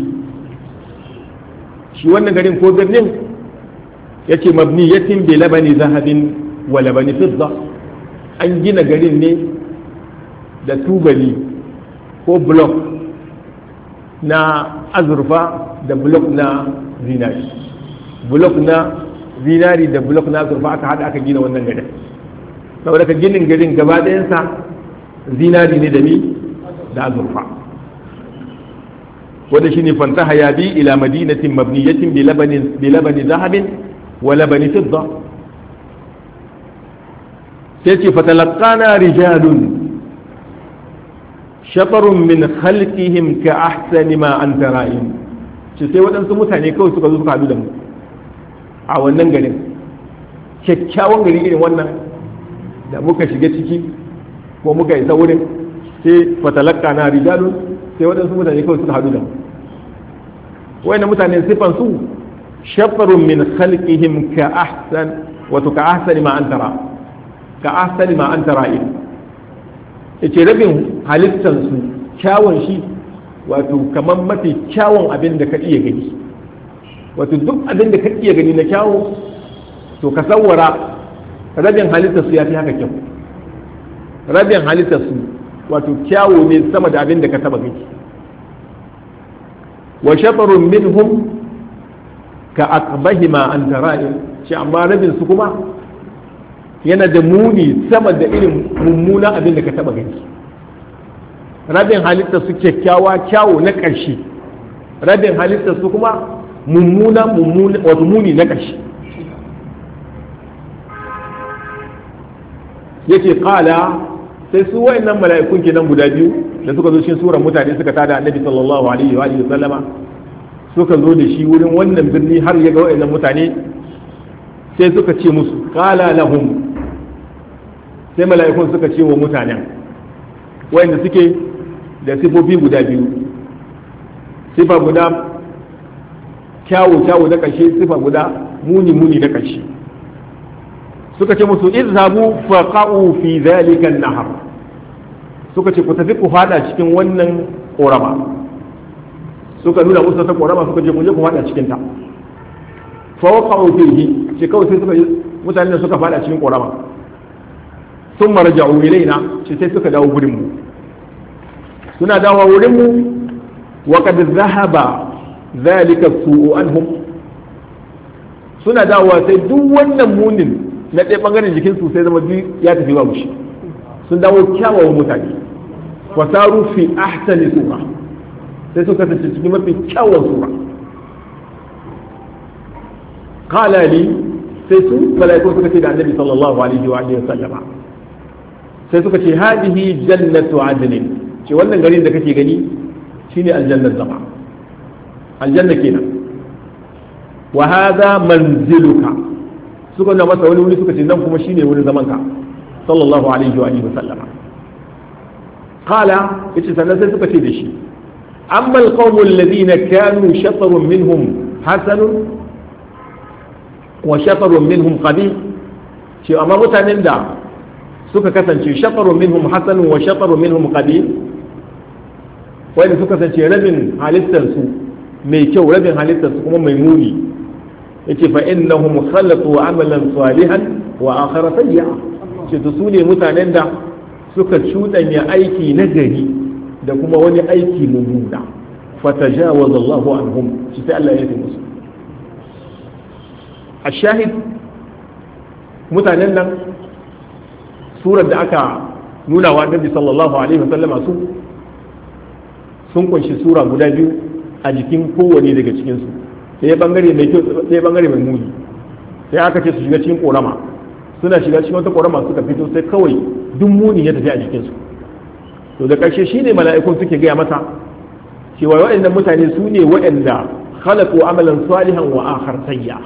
Speaker 1: shi wannan garin ko birnin ya ce Mabni mabniyatin bi labani zahabin wa labani fidda an gina garin ne da tubali ko blok na azurfa da blok na zinari blok na zinari da blok na azurfa aka haɗa aka gina wannan garin saboda ka ginin garin gaba ɗayansa zinari ne da ni da azurfa wanda shine fantaha ya bi ila madinatin mabniyatin bi labanin bi labanin zahabin wa labanin fidda sai ce fatalaqana rijalun shatarun min khalqihim ka ahsani ma anta ra'in ce sai waɗansu mutane kawai suka zo suka haɗu da mu a wannan garin kyakkyawan gari irin wannan da muka shiga ciki ko muka isa wurin sai fatalakka na rijalun sai waɗansu mutane kawai suka hadu da mu Wai na mutane sifan su shatarun min khalqihim ka ahsan wato ka ahsani ma anta ra ka ahsani ma anta ra'in yace rabin halittarsu kyawun shi wato kamar mafi kyawun abin da ka iya gani wato duk abin da ka iya gani na kyawun to ka sawara rabin halittarsu ya fi haka kyau rabin halittarsu wato kyawu ne sama da abin da ka taba gani wa shafarun minhum ka aqbahima an tara'in shi amma rabin su kuma yana da muni sama da irin mummuna abin da ka taba gani rabin halitta su kyakkyawa kyawo na ƙarshe rabin halitta su kuma mummuna mummuna wato muni na ƙarshe yake kala sai su wayannan mala'ikun kenan guda biyu da suka zo cikin suran mutane suka tada annabi sallallahu alaihi wa sallama suka zo da shi wurin wannan birni har ya ga wayannan mutane sai suka ce musu kala lahum sai mala'ikun suka ce wa mutanen wayanda suke da sifofi guda biyu sifa guda kyawu kyawu na ƙarshe sifa guda muni muni na ƙarshe suka ce musu izhabu faqa'u fi zalika an nahr suka ce ku tafi ku fada cikin wannan korama suka nuna musu ta korama suka ce ku je ku fada cikin ta fa waqa'u fihi ce kawai sai suka mutane suka fada cikin korama sun maraja'u ilaina ce sai suka dawo gurin suna dawo wurin mu zahaba zalika su'u anhum suna dawo sai duk wannan munin na ɗaya ɓangaren jikin sai zama ya tafi ba shi sun dawo kyawawan mutane wa saru fi ahsani sura sai suka kasance cikin mafi kyawawan sura kala ne sai su malaiku suka ce da annabi sallallahu alaihi wa wa sallama sai suka ce hadihi jannatu adnin ce wannan garin da kake gani shine aljannar zama aljanna kenan wa hadha manziluka suka na masa wani wuri suka ce nan kuma shine wurin zaman ka sallallahu alaihi wa alihi wa sallama qala yace sannan sai suka ce da shi amma alqawmu alladhina kanu shatarun minhum hasanun wa shatarun minhum qabih ce amma mutanen da suka kasance shakarun minhum hasanun wa shakarun minhum qadim wanda suka kasance rabin halittarsu mai kyau rabin halittarsu kuma mai muni yace fa innahum khalaqu amalan salihan wa akhara sayyi'a ce to su ne mutanen da suka cuɗanya aiki na gari da kuma wani aiki mummuna fatajawaza Allahu anhum shi sai Allah ya yi musu a shahid mutanen nan surar da aka nuna wa annabi sallallahu alaihi wasallama su sun kunshi sura guda biyu a jikin kowane daga cikinsu sai bangare mai kyau sai bangare mai muni sai aka ce su shiga cikin korama suna shiga cikin wata korama suka fito sai kawai duk muni ya tafi a jikinsu to da ƙarshe shine mala'ikun suke gaya masa cewa waɗannan mutane su ne waɗanda khalaqu amalan salihan wa akhar sayya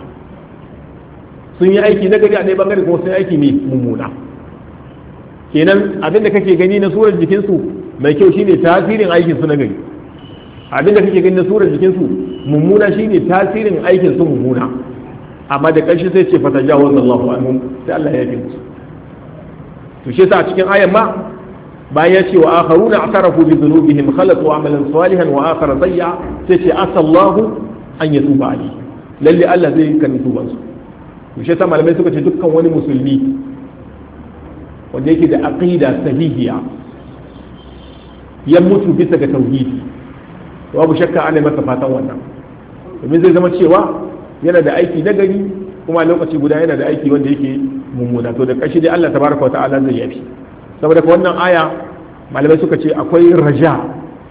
Speaker 1: sun yi aiki na gari a ɗaya bangare kuma sun yi aiki mai mummuna kenan abin da kake gani na surar jikinsu mai kyau shine tasirin aikin su na gari abin da kake gani na surar jikinsu mummuna shine tasirin aikin su mummuna amma da ƙarshe sai ce fata jawo sallahu anhum sai Allah ya yi musu to shi yasa cikin ayan ma bayan ya ce wa akharuna atarafu bi dhunubihim khalaqu amalan salihan wa akhara sayya sai ce asallahu an yatuba alayhi lalle Allah zai kan tuban su to shi yasa malamai suka ce dukkan wani musulmi wanda yake da aqida sahihiya ya mutu bisa ga tauhidi babu shakka ana masa fatan wannan domin zai zama cewa yana da aiki na gari kuma lokaci guda yana da aiki wanda yake mummuna to da kashi dai Allah tabaraka wa ta'ala zai yafi saboda ka wannan aya malamai suka ce akwai raja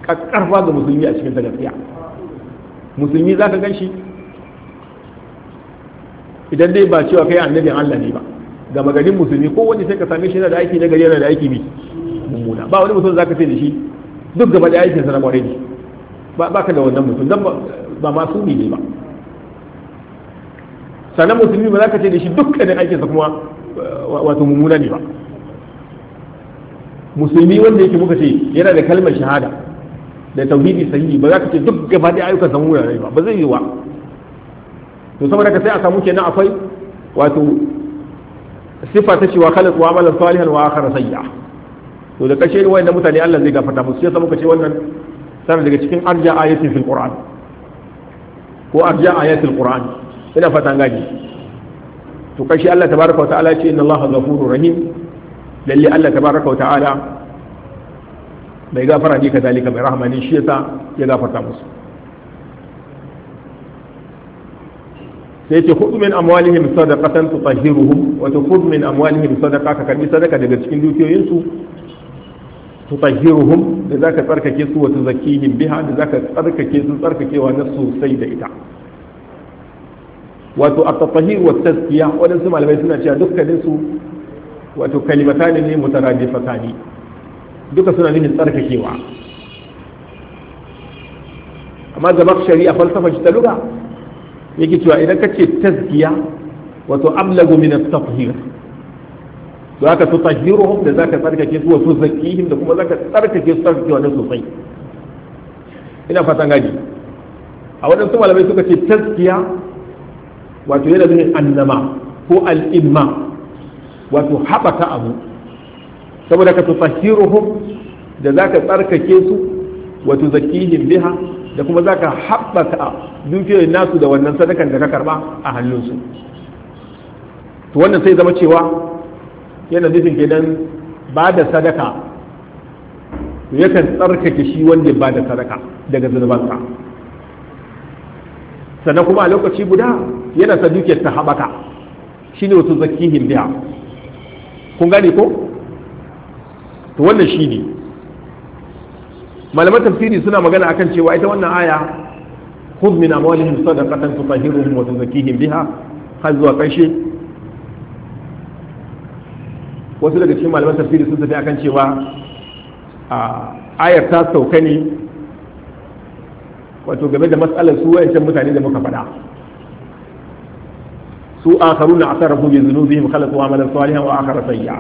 Speaker 1: ƙarfa ga musulmi a cikin gaskiya musulmi za ka gan shi idan dai ba cewa kai annabin Allah ne ba ga maganin musulmi ko wani sai ka same shi yana da aiki na gari yana da aiki mai mummuna ba wani mutum zaka ce da shi duk gaba da aikin sa na kwarai ne ba ka da wannan mutum dan ba ma su ne ba sannan musulmi ba za ka ce da shi dukkanin aikinsa kuma wato mummuna ne ba musulmi wanda yake muka ce yana da kalmar shahada da tauhidi sahihi ba za ka ce duk gaba da ayyukan sa mummuna ne ba ba zai yi wa to saboda ka sai a samu kenan akwai wato sifa ta ce cewa khalaq wa amalan salihan wa akhara sayya to da kashe ruwa da mutane Allah zai gafarta musu sai muka ce wannan tana daga cikin arja ayatin fil qur'an ko arja ayatil qur'an ina fatan gaji to kashe Allah tabaraka wa ta'ala ce inna Allah ghafurur rahim lalle Allah tabaraka wa ta'ala mai gafara ne kadalika mai rahmanin shi yasa ya gafarta musu sai ce hudu min amwalihim sadaqatan tutahhiruhum wa tukhud min amwalihim sadaqa ka kabi sadaqa daga cikin dukiyoyin su tutahhiruhum da zaka tsarkake su wa tuzakkihim biha da zaka tsarkake su tsarkakewa na sosai da ita wato at tahhir wa tazkiya wadansu malamai suna cewa dukkanin su wato kalimatani ne mutaradifatani duka suna nufin tsarkakewa amma da shari'a falsafa shi ta luga yake cewa idan ka ce tazkiya wato ablagu min at-tahir to aka tutahhiruhum da zaka tsarkake su wa tuzakkihim da kuma zaka tsarkake su tsarkake wannan sosai ina fatan gadi a wadansu malamai suka ce tazkiya wato yana nufin annama ko al'imma wato haɓaka abu saboda ka tutahhiruhum da zaka tsarkake su wa tuzakkihim biha da kuma za ka haɓaka dukiyar nasu da wannan sadakan da ka karɓa a hannunsu to wannan sai zama cewa yana nufin don ba da sadaka to yakan tsarkake shi wanda ba da sadaka daga zunubansa sannan kuma a lokaci guda yana sa dukiyar ta haɓaka shi ne wasu zakihin biya kun gane ko to wannan shi ne malaman tafsiri suna magana akan cewa ita wannan aya khudh min amwalihim sadaqatan tutahhiruhum wa tuzakkihim biha har zuwa ƙarshe wasu daga cikin malaman tafsiri sun tafi akan cewa ayar ta sauka ne wato game da matsalar su wayancan mutane da muka faɗa su akharuna asarafu bi dhunubihim khalaqu amalan salihan wa akhara sayya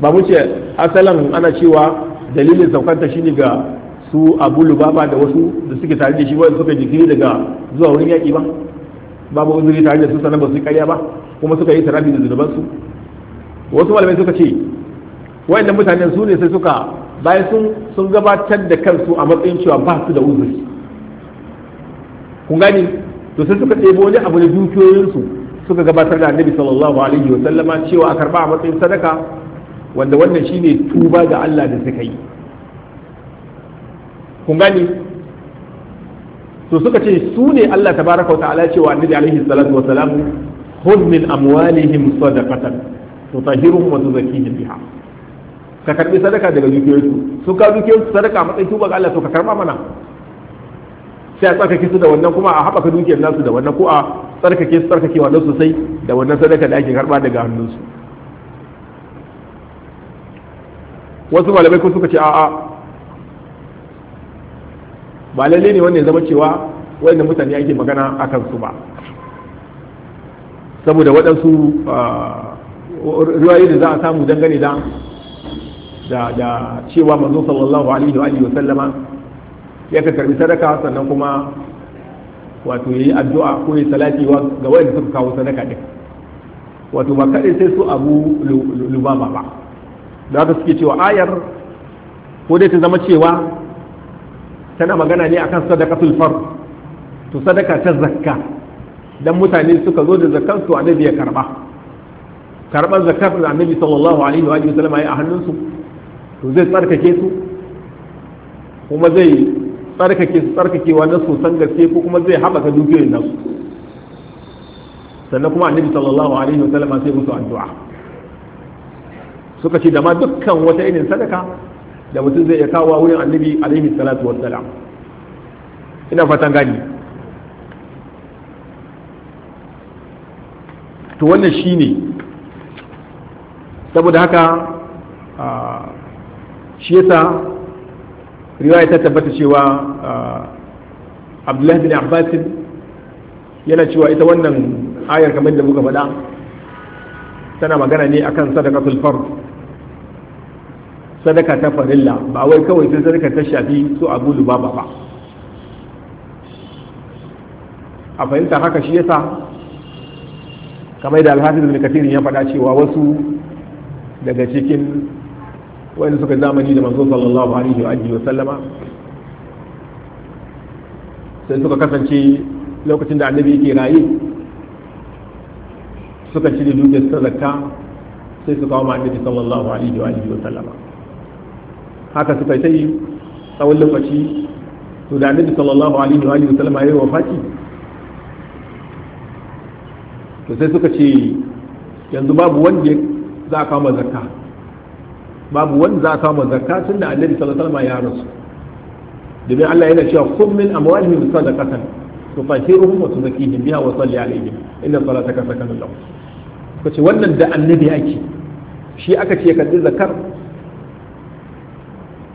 Speaker 1: ba mu ce asalan ana cewa dalilin saukar ta shine ga su abu lubaba da wasu da suke tare da shi wanda suka jikiri daga zuwa wurin yaƙi ba babu uzuri tare da su sanan ba su karya ba kuma suka yi tarafi da zunubansu wasu malamai suka ce wayannan mutanen su ne sai suka bayan sun sun gabatar da kansu a matsayin cewa ba su da uzuri kun gani to sai suka ɗebo wani abu da dukiyoyinsu suka gabatar da annabi sallallahu alaihi wa sallama cewa a karba a matsayin sadaka wanda wannan shine tuba ga Allah da suka yi kun gani to suka ce su ne Allah tabaraka wa ta'ala cewa annabi alaihi salatu wa salam khudh min amwalihim sadaqatan tutahhiruhum wa tuzakkihim biha ka karbi sadaka daga dukiyoyinsu su ka dukiyoyinsu sadaka matsayin tuba ga Allah to ka karba mana sai a tsarkake su da wannan kuma a haɓaka dukiyar nasu da wannan ko a tsarkake su tsarkakewa na sosai da wannan sadaka da ake karɓa daga hannunsu wasu malamai ko suka ce a'a ba lalle ne wannan zama cewa wanda mutane ake magana a kansu ba saboda waɗansu ah, ruwayi da za a samu dangane da da cewa manzo sallallahu alaihi wa alihi sallama ya ka karbi sadaka sannan kuma wato yayi addu'a ko yayi salati wa ga wanda suka kawo sadaka din wato ba kadai sai su abu lubaba ba da haka suke cewa ayar ko dai ta zama cewa tana magana ne akan sadaqatul fard to sadaka ta zakka dan mutane suka zo da zakkan su annabi ya karba karban zakkar da annabi sallallahu alaihi wa sallam ya a hannunsu to zai tsarkake su kuma zai tsarkake su tsarkakewa na san gaske ko kuma zai haɓaka dukiyoyin nasu sannan kuma annabi sallallahu alaihi wa sallam sai musu addu'a suka ce da ma dukkan wata irin sadaka da mutum zai iya kawo wurin annabi alaihi salatu salam ina fatan gani to wannan shine saboda haka shi yasa riwaya ta tabbata cewa abdullahi bin abbas yana cewa ita wannan ayar kamar da muka faɗa tana magana ne akan sadaqatul fard sadaka ta farilla ba wai kawai sai sadaka ta shafi su abu ba ba a fahimta haka shi yasa kamar da alhafiz ibn kathir ya faɗa cewa wasu daga cikin wani suka zamani da manzo sallallahu alaihi wa alihi wa sallama sai suka kasance lokacin da annabi yake raye suka shirya dukiyar sadaka sai su kawo ma annabi sallallahu alaihi wa alihi wa sallama haka suka ta yi tsawon lokaci to da annabi sallallahu alaihi wa alihi wasallam yayi wafati to sai suka ce yanzu babu wanda za a kama zakka babu wanda za a kama zakka tunda annabi sallallahu alaihi wa ya rasu domin Allah yana cewa kun min amwalihim sadaqatan tufahiruhum wa tuzakkihim biha wa salli alaihim inna salataka sakanun lahum kace wannan da annabi ake shi aka ce ka zakar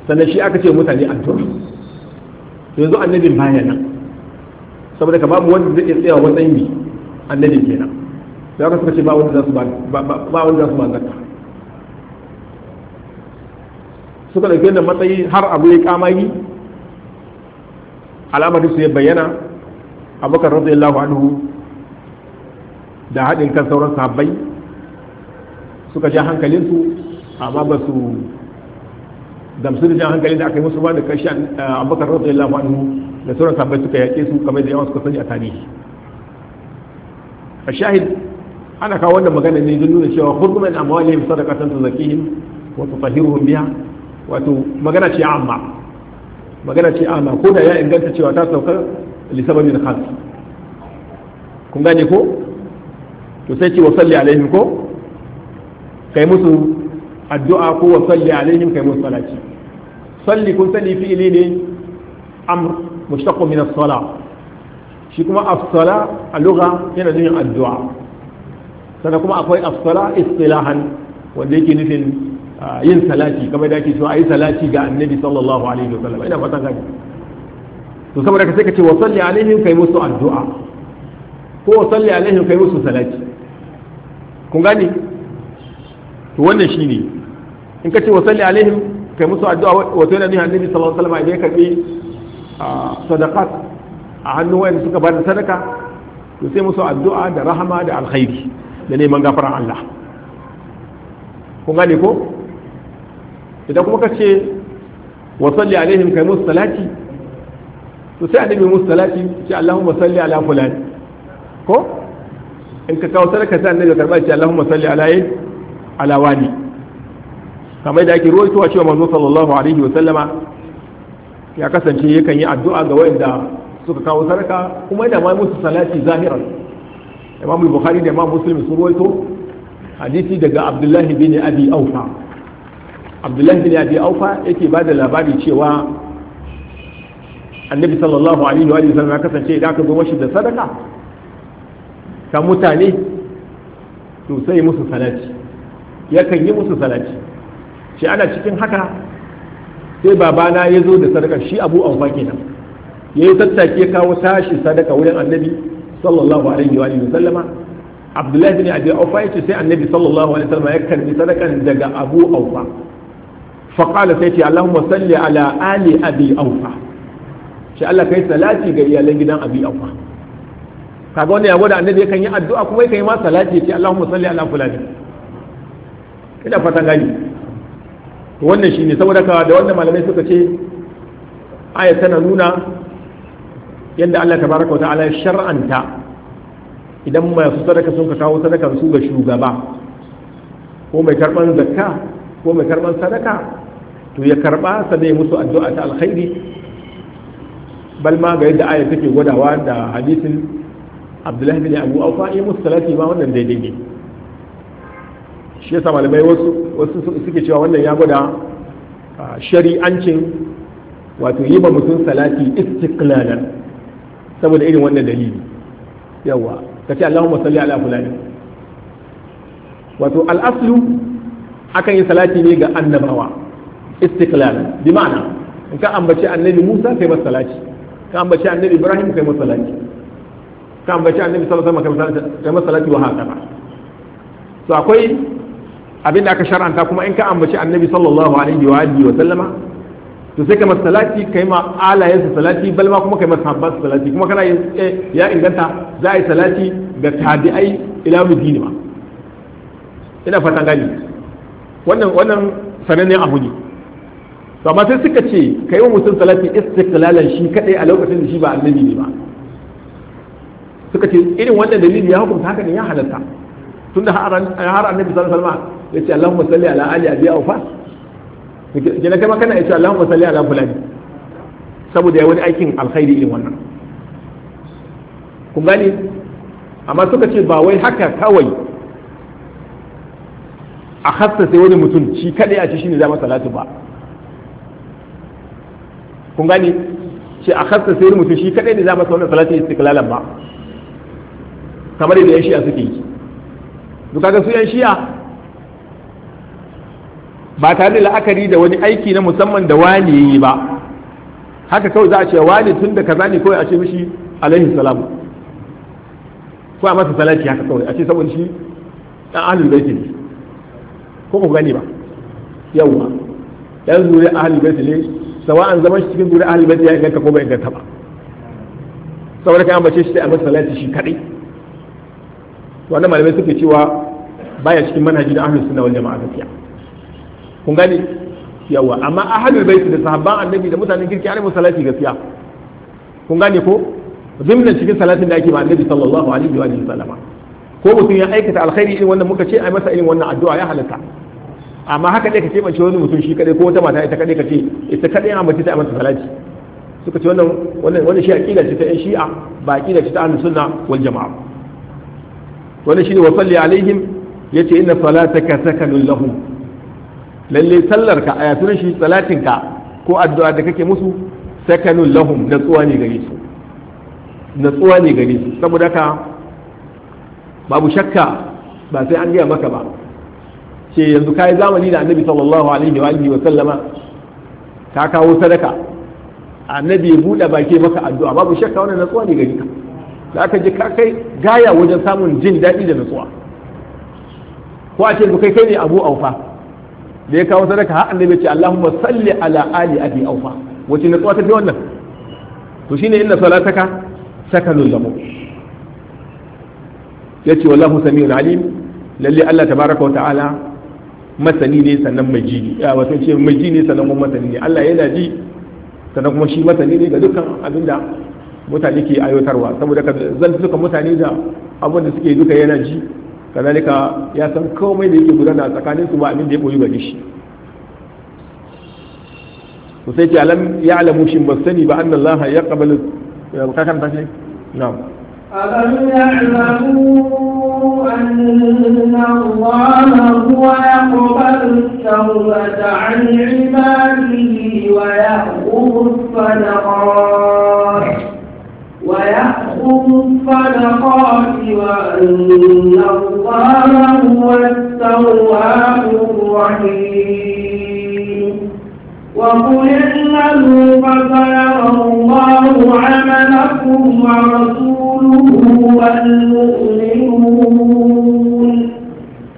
Speaker 1: sannan shi aka ce mutane addu'a yanzu annabin baya nan saboda ka babu wanda zai tsaya matsayin bi annabin kenan da aka suka ce ba wanda za su ba wanda su zakka suka dauke da matsayi har abu ya kamayi al'amarin su ya bayyana abokan abubakar lafa anhu da haɗin kan sauran sahabbai suka ja hankalinsu amma ba su gamsu da jan hankali da aka yi musu ba da kashi eh, abubakar rasu yallahu anhu da sauran sahabbai suka yaƙe su kamar da yawan suka sani a tarihi a shahid ana kawo wannan magana ne don nuna cewa hurgumin amwalihim sadaqatan tuzakihim wa tutahhiruhum biha wato magana ce amma magana ce amma ko da ya inganta cewa ta sauka li sababin khas kun gane ko to sai ce wa salli alaihim ko kai musu addu'a ko wa salli alaihim kai musu salati salli kun sani fi'ili ne amr mushtaqu min as-sala shi kuma as-sala a lugha yana nufin addu'a sannan kuma akwai as-sala istilahan wanda yake nufin ah, yin salati kamar da ake cewa ayi salati ga annabi sallallahu alaihi wa sallam ina fatan gani to saboda ka sai ka ce wa salli alaihim kai musu addu'a ko wa salli alaihim kai musu salati kun gane to wannan shine in ka ce wa salli alaihim kai musu addu'a wato yana nuna annabi sallallahu alaihi wasallam ya karbi sadaqat a hannun wayanda suka bada sadaka to sai musu addu'a da rahama da alkhairi da neman gafaran Allah ko gane ko idan kuma ka ce wa salli alaihim kai musu salati to sai annabi musu salati ce Allahumma salli ala fulan ko in ka kawo sadaka sai annabi karba ce Allahumma salli ala ala wani kamar da ake ruwa cewa manzo sallallahu alaihi wa sallama ya kasance yakan yi addu'a ga wanda suka kawo sarka kuma yana ma musu salati zahiran imam bukhari da imam muslim sun ruwaito hadisi daga abdullahi bin abi aufa abdullahi bin abi aufa yake bada labari cewa annabi sallallahu alaihi wa sallam ya kasance idan aka zo mashi da sadaka ta mutane to sai musu salati yakan yi musu salati shi ana cikin haka sai babana ya zo da sadaka shi abu aufa kenan ya yi ya kawo tashi sadaka wurin annabi sallallahu alaihi wa sallama abdullahi bin abi aufa ya ce sai annabi sallallahu alaihi wa sallama ya karbi sadakan daga abu aufa faƙala sai ce allahumma salli ala ali abi aufa shi allah kai salati ga iyalan gidan abi aufa kaga wanda ya gwada annabi yakan yi addu'a kuma yakan yi ma salati ya ce allahumma salli ala fulani ina fatan gani to wannan shine saboda ka da wanda malamai suka ce aya tana nuna yadda Allah tabaraka wa ta'ala shar'anta idan masu sadaka sun ka kawo sadakar su ga shugaba ko mai karban zakka ko mai karban sadaka to ya karba sa zai musu addu'a ta alkhairi bal ma ga yadda aya take gwadawa da hadisin Abdullahi bin Abu Awfa ya musu salati ma wannan daidai ne shi yasa malamai wasu wasu suke cewa wannan ya gwada shari'ancin wato yi ba mutum salati istiklalan saboda irin wannan dalili yawa ka ce Allahumma salli ala fulani wato al'aslu akan yi salati ne ga annabawa istiklalan bi ma'ana in ka ambaci annabi Musa kai masa salati ka ambaci annabi Ibrahim kai masa salati ka ambaci annabi sallallahu alaihi wasallam kai masa salati wa haka to akwai Abin da aka shar'anta kuma in ka ambaci annabi sallallahu alaihi wa alihi wa sallama to sai ka masalati kai ma alayen sa salati bal ma kuma kai ma sahabban salati kuma kana eh, ya inganta za a yi salati ga tabi'ai ila mudini ma ina fatan gani wannan wannan sanannen abu ne to amma sai suka ce kai wa mutum salati istiqlalan shi kadai a lokacin da shi ba annabi ne ba suka ce irin wannan dalili ya hukunta haka ne ya halatta tunda har annabi sallallahu alaihi wasallam ya ce Allahumma salli ala ali abi aufa kina kai ma kana ya ce Allahumma salli ala fulani saboda ya wani aikin alkhairi irin wannan kun gani amma suka ce ba wai haka kawai a hasta sai wani mutum shi kadai a ci shine zama salatu ba kun gani ce a hasta sai wani mutum shi kadai ne za zama salati istiklalan ba kamar yadda ya shi a suke yi to kaga su yan shiya ba tare da la'akari da wani aiki na musamman da wani yi ba haka kawai za a ce wani tun da kaza ne kawai a ce mishi alaihi salamu ko a masa salati haka kawai a ce saboda shi dan ahlul baiti ne ko ku gani ba yawa dan zuri ahlul baiti ne sawa'an zaman shi cikin zuri ahlul baiti ya inganta ko bai inganta ba saboda kai an bace shi sai a masa salati shi kadai wannan malamai suke cewa baya cikin manhaji da ahlus sunna wal jama'a gaskiya kun gane yawa amma ahlul bait da sahabban annabi da mutanen kirki ana musu salati gaskiya kun gane ko zimnan cikin salatin da ake ma annabi sallallahu alaihi wa sallama ko mutum ya aikata alkhairi irin wannan muka ce a masa irin wannan addu'a ya halatta amma haka dai ka ce bace wani mutum shi kadai ko wata mata ita kadai ka ce ita kadai an ta a masa salati suka ce wannan wannan wannan shi aqida ce ta yan shi'a ba aqida ce ta ahlus sunna wal jama'a wannan shine wa salli alaihim Ya yace inna salataka sakanun lahum lalle sallar ka ayatun shi salatinka ka ko addu'a da kake musu sakanun lahum tsuwa ne gare su Na tsuwa ne gare su saboda ka babu shakka ba sai an gaya maka ba ce yanzu yi zamani da annabi sallallahu alaihi wa alihi wa sallama ka kawo sadaka annabi ya buɗe baki maka addu'a babu shakka wannan natsuwa ne gare ka za ka je ka kai gaya wajen samun jin daɗi da natsuwa ko a ce kai kai ne abu aufa da ya kawo sadaka har annabi ce Allahumma salli ala ali abi aufa wace ne ta fi wannan to shine inna salataka sakanun lahu yace wallahu samiul alim lalle Allah tabaraka wa ta'ala masani ne sannan mai ji ya wato ce mai ji ne sannan kuma masani ne Allah yana ji sannan kuma shi masani ne ga dukkan abinda mutane ke ayyotarwa saboda ka zan suka mutane da abin da suke duka yana ji kadalika ya san komai da yake gudana a tsakanin su ba abin da ya koyi gare shi to sai ce alam alamu shin ba sani ba anna Allah ya qabalu kakan ta ce na'am
Speaker 2: ويأخذ الصدقات وأن الله هو التواب الرحيم وقل إنه فسيرى الله عملكم ورسوله والمؤمنون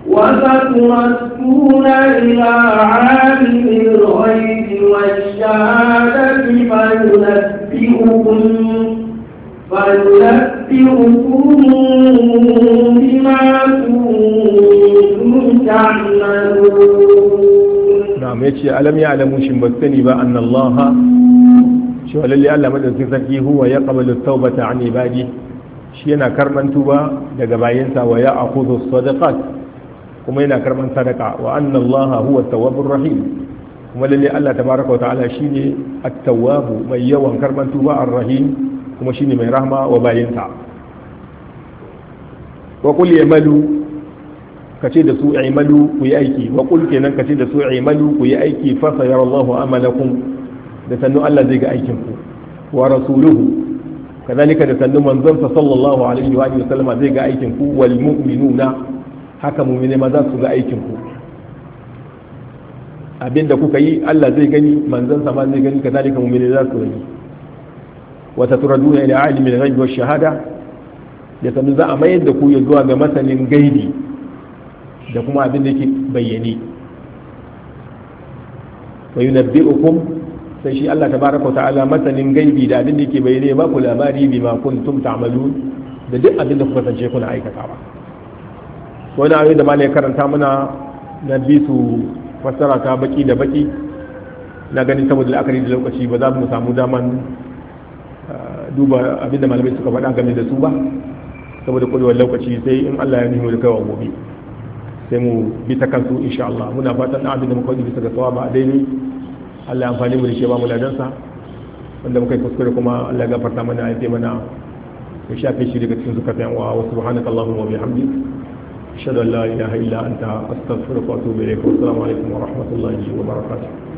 Speaker 2: وستردون إلى عالم الغيب والشهادة فينبئكم Na وينبئكم بما كنتم تعملون نعم
Speaker 1: يتشي ألم يعلموا شمبستني Allah الله شو للي ألا مدرسي سكي هو يقبل التوبة عن عباده shi yana karban tuba daga bayansa wa ya akudu sadaqat kuma yana karban sadaka wa anna Allah huwa tawwabur rahim kuma lalle Allah tabaaraka wa ta'ala shine at-tawwab mai yawan karban tuba ar-rahim kuma shine mai rahama wa bayinsa wa qul ya'malu kace da su i'malu ku yi aiki wa qul kenan kace da su i'malu ku yi aiki fa sayara Allahu amalakum da sannu Allah zai ga aikin ku wa rasuluhu kadalika da sannu manzon sa sallallahu alaihi wa alihi wasallama zai ga aikin ku wal mu'minuna haka mu'mine ma za su ga aikin ku abinda kuka yi Allah zai gani manzon sa ma zai gani kadalika mu'mine za su gani wata turaduna ila alimin ghaibi wa shahada Ya sanu za a mayar da ku ya zuwa ga masanin gaibi da kuma abin da ke bayyane wa yunabbi'ukum sai shi Allah tabaraka ta'ala masanin gaibi da abin da ke bayyane ba ku labari bima kuntum ta'malun da duk abin da ku kasance kuna aikatawa wani ayoyi da malai karanta mana na bi su fassara ta baki da baki na ganin saboda la'akari da lokaci ba za mu samu daman duba abin da malamai suka faɗa game da su ba saboda kurewar lokaci sai in Allah ya nemo da kaiwa gobe sai mu bi ta kansu insha Allah muna fatan na abinda muka yi bisa ga ba a daidai Allah ya amfani mu da shi ba mu ladansa wanda muka yi kuskure kuma Allah ya gafarta mana ya ce mana ya shafe shi daga cikin zukatan wa wa subhanaka allahumma wa bihamdik ashhadu an la ilaha illa anta astaghfiruka wa atubu ilayk wa assalamu alaikum wa rahmatullahi wa barakatuh